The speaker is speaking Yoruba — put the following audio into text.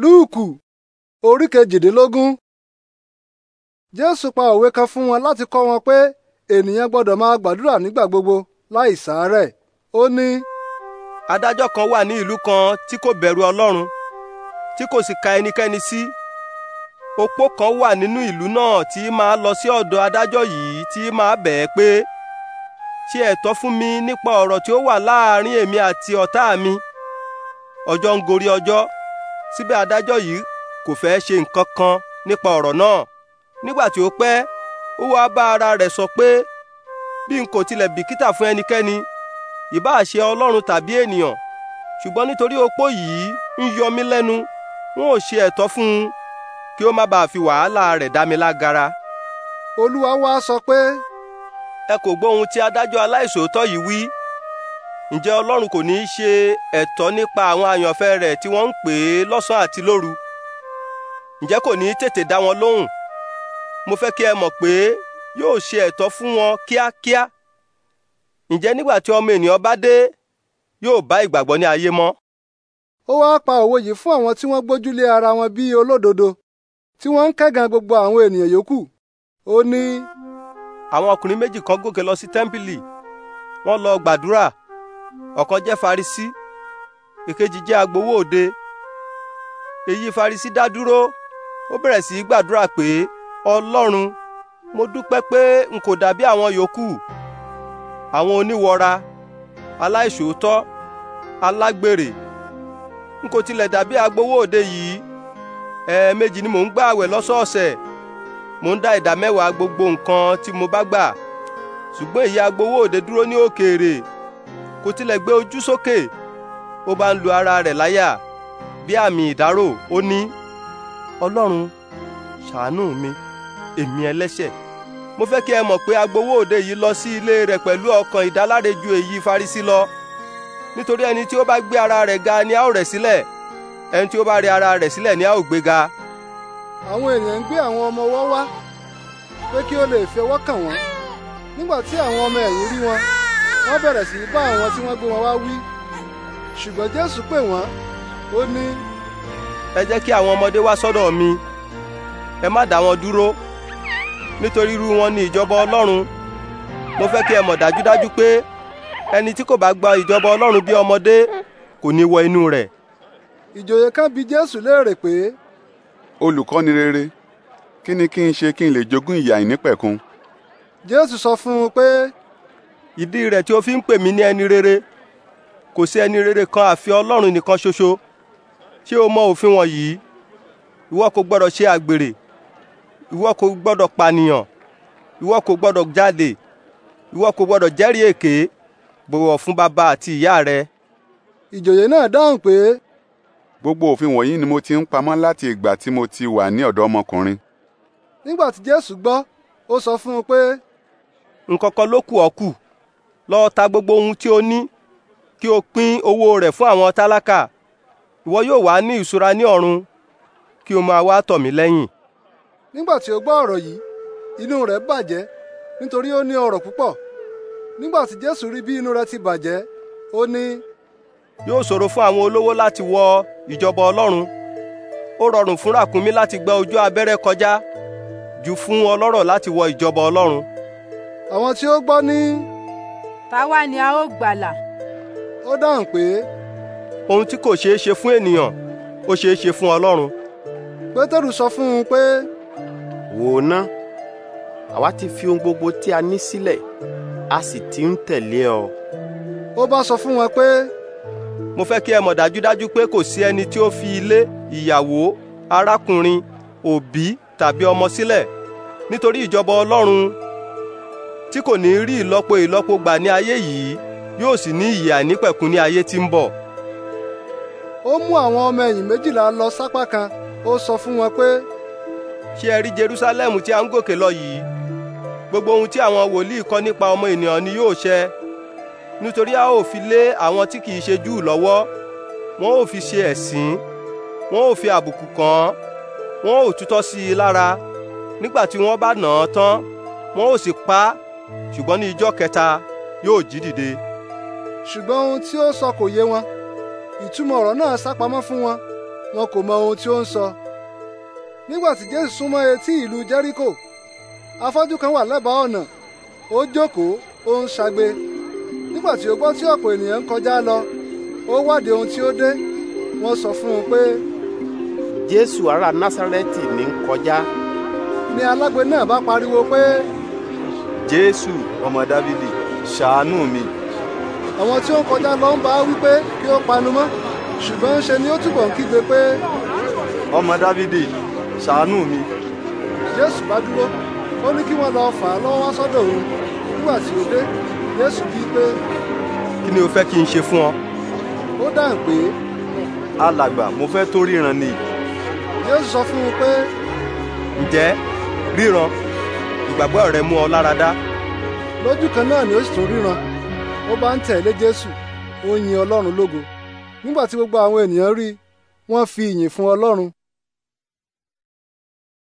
lúùkù orí kejìdínlógún jésù pa òwe kan fún wọn láti kọ́ wọn pé ènìyàn gbọ́dọ̀ máa gbàdúrà nígbà gbogbo láì sàárẹ̀ ó ní. adájọ́ kan wà ní ìlú kan tí kò bẹ̀rù ọlọ́run tí kò sì ka ẹnikẹ́ni sí opó kan wà nínú ìlú náà tí máa lọ sí ọ̀dọ̀ adájọ́ yìí tí máa bẹ̀ ẹ́ pé ṣe ẹ̀tọ́ fún mi nípa ọ̀rọ̀ tí ó wà láàárín èmi àti ọ̀tá mi ọjọ́ ń gorí ọjọ́ síbẹ̀ adájọ́ yìí kò fẹ́ ṣe nǹkan kan nípa ọ̀rọ̀ náà nígbà tí ó pẹ́ ó wá bá ara rẹ̀ sọ pé bí n kò tilẹ̀ bìkítà fún ẹnikẹ́ni ìbáà ṣe ọlọ́run tàbí ènìyàn ṣùgbọ́n nítorí opó yìí ń yọ mí lẹ́nu wọn ò ṣe ẹ̀tọ́ fún un kí ó má bàa fi wàhálà rẹ̀ dá mi lágara. olúwa wá sọ pé. ẹ kò gbọ́ ohun tí adájọ́ aláìṣòótọ́ yìí wí ǹjẹ́ ọlọ́run kò ní í ṣe ẹ̀tọ́ nípa àwọn àyànfẹ́ rẹ̀ tí wọ́n ń pè é lọ́sàn-án àti lóru ǹjẹ́ kò ní í tètè dá wọn lóhùn mo fẹ́ kí ẹ mọ̀ pé yóò ṣe ẹ̀tọ́ fún wọn kíákíá ǹjẹ́ nígbà tí ọmọ ènìyàn bá dé yóò bá ìgbàgbọ́ ní ayé mọ́. ó wáá pa òwe yìí fún àwọn tí wọ́n gbójúlé ara wọn bí olódodo tí wọ́n ń kẹ́gàn gbogbo àwọn ènìyàn yòókù ó ní. àwọn ọkùnrin méjì kan gòkè lọ sí tẹ́ḿpìlì wọ́n lọ gbàdúrà ọ̀kan jẹ́ Farisí èkejì jẹ́ agbowó òde èyí Farisí dá dúró ó bẹ̀rẹ̀ sí gbàdúrà pé Ọlọ́run mo dúpẹ́ pé n kò dàbí àwọn yòókù àwọn oníwọra aláìṣòótọ́ alágbèrè n kò tilẹ̀ dàbí agbowó òde yìí ẹ̀ẹ̀mejì ni mò ń gbààwẹ̀ lọ́sọ̀ọ̀sẹ̀ mò ń dá ìdá mẹ́wàá gbogbo nǹkan tí mo bá gbà ṣùgbọ́n èyí agbowó òde dúró ní òkèèrè kò tilẹ̀ gbé ojú sókè ó bá ń lu ara rẹ̀ láyà bí àmì ìdárò ó ní ọlọ́run ṣàánú mi èmi ẹlẹ́ṣẹ̀ mo fẹ́ kí ẹ mọ̀ pé agbowó òde yìí lọ sí ilé rẹ̀ pẹ̀lú ọkàn ìdáláre ju èyí Farisí lọ nítorí ẹni tí ó bá gbé ara rẹ̀ ga ni a ó rẹ̀ sílẹ̀ ẹni tí ó bá rẹ̀ ara rẹ̀ sílẹ̀ ni a ó gbé ga. àwọn ènìyàn ń gbé àwọn ọmọ ọwọ́ wá pé kí ó lè fi ọwọ́ kàn wọ́n nígbà tí àwọn ọmọ ẹ̀yìn rí wọn wọ́n bẹ̀rẹ̀ sí bá àwọn tí wọ́n gbé wọn wá wí ṣùgbọ́n jésù pè wọ́n ó ní. ẹ jẹ́ kí àwọn ọmọdé wá sọ́dọ̀ mi ẹ má dá wọn dúró nítorí irú wọn ni ìjọba ọlọ́run mo fẹ́ kí ẹ mọ̀ dájúdájú pé ẹni tí kò bá gba ìjọba ọlọ́run bí ọmọdé kò ní wọ inú rẹ̀. ìjòyè kan bi jésù léèrè pé. olùkọ́ni rere kí ni kí n ṣe kí n lè jogún ìyà ìnípẹ̀kun. jésù sọ fún un pé ìdí rẹ̀ tí o fi ń pè mí ní ẹni rere kò sí ẹni rere kan àfi ọlọ́run nìkan ṣoṣo ṣé o mọ òfin wọ̀nyí ìwọ kò gbọ́dọ̀ ṣe àgbèrè ìwọ kò gbọ́dọ̀ pànìyàn ìwọ kò gbọ́dọ̀ jáde ìwọ kò gbọ́dọ̀ jẹ́rìí èké bọ̀wọ̀ fún bàbá àti ìyá rẹ. ìjòyè náà dáhùn pé. gbogbo òfin wọ̀nyí ni mo ti ń pamọ́ láti ìgbà tí mo ti wà ní ọ̀dọ́ ọmọkùnrin. nígbà tí jésù gbọ́ ó sọ fún un pé. nǹkan kan ló kù ọ́ kù lọ ta gbogbo ohun tí o ní kí o pín owó rẹ̀ fún àwọn tálákà ìwọ yóò wá ní ìṣúra ní ọ̀run kí o máa wá tọ̀ mí lẹ́yìn. nígbà tí ó gbọ́ ọ̀rọ̀ yìí inú rẹ̀ bàjẹ́ nítorí ó ní ọrọ̀ púpọ̀ nígbà tí jésù rí bí inú rẹ̀ ti bàjẹ́ ó ní. yóò ṣòro fún àwọn olówó láti wọ ìjọba ọlọ́run ó rọrùn fún ràkúnmí láti gba ojú abẹ́rẹ́ kọjá jù fún ọlọ́rọ̀ láti wọ ìjọba ọlọ́run. àwọn tí ó gbọ́ ní. Ni táwa ni a ó gbàlà. ó dáhùn pé. ohun tí kò ṣeé ṣe fún ènìyàn ó ṣeé ṣe fún ọlọ́run. pétérù sọ fún un pé. wò ó ná àwa ti fi ohun gbogbo tí a ní sílẹ̀ a sì ti ń tẹ̀lé ọ. ó bá sọ fún wọn pé. mo fẹ́ kí ẹ mọ̀ dájúdájú pé kò sí ẹni tí ó fi ilé ìyàwó arákùnrin òbí tàbí ọmọ sílẹ̀ nítorí ìjọba ọlọ́run tí kò ní rí ìlọ́po ìlọ́po gbà ní ayé yìí yóò sì ní ìyè àìnípẹ̀kun ní ayé tí ń bọ̀. ó mú àwọn ọmọ ẹ̀yìn méjìlá lọ sápá kan ó sọ fún wọn pé. ṣé ẹ rí Jerúsálẹ́mù tí a ń gòkè lọ yìí gbogbo ohun tí àwọn wòlíì kọ nípa ọmọ ènìyàn ni yóò ṣẹ nítorí a ó fi lé àwọn tí kì í ṣe Júù lọ́wọ́ wọn ó fi ṣe ẹ̀sín wọn ó fi àbùkù kàn án wọn ó tutọ́ sí i lára nígbà tí wọ́n bá nà án tán wọn ó sì pa á ṣùgbọ́n ní ijọ́ kẹta yóò jí dìde. ṣùgbọ́n ohun tí ó sọ kò yé wọn ìtumọ̀ ọ̀rọ̀ náà sápamọ́ fún wọn wọn kò mọ ohun tí ó ń sọ. nígbà tí jésù súnmọ́ etí ìlú jẹ́ríkò afọ́jú kan wà lẹ́bàá ọ̀nà ó jókòó ó ń ṣagbe nígbà tí ó gbọ́ tí ọ̀pọ̀ ènìyàn ń kọjá lọ ó wádìí ohun tí ó dé wọ́n sọ fún un pé. jésù ará násárẹ́tì ní kọjá. ni alágbe náà bá pariwo pé jésù ọmọ dávídì ṣàánú mi. àwọn tí ó ń kọjá lọ ń bá a wípé kí ó panu mọ́ ṣùgbọ́n ṣe ni ó túbọ̀ ń kígbe pé. ọmọ dávídì ṣàánú mi. jésù bá dúró ó ní kí wọ́n lọ fà á lọ́wọ́ sọ́dọ̀ òun nígbà tí ó dé jésù bíi pé. kí ni o fẹ́ kí n ṣe fún ọ. ó dáhùn pé. alàgbà mo fẹ́ tó ríran ni. jésù sọ fún un pé. ǹjẹ́ ríran ìgbàgbọ́ rẹ̀ mú ọ láradá. lójú kan náà ni ó sì tún ríran ó bá ń tẹ̀lé jésù ó yin ọlọ́run lógo nígbà tí gbogbo àwọn ènìyàn rí wọ́n fi ìyìn fún ọlọ́run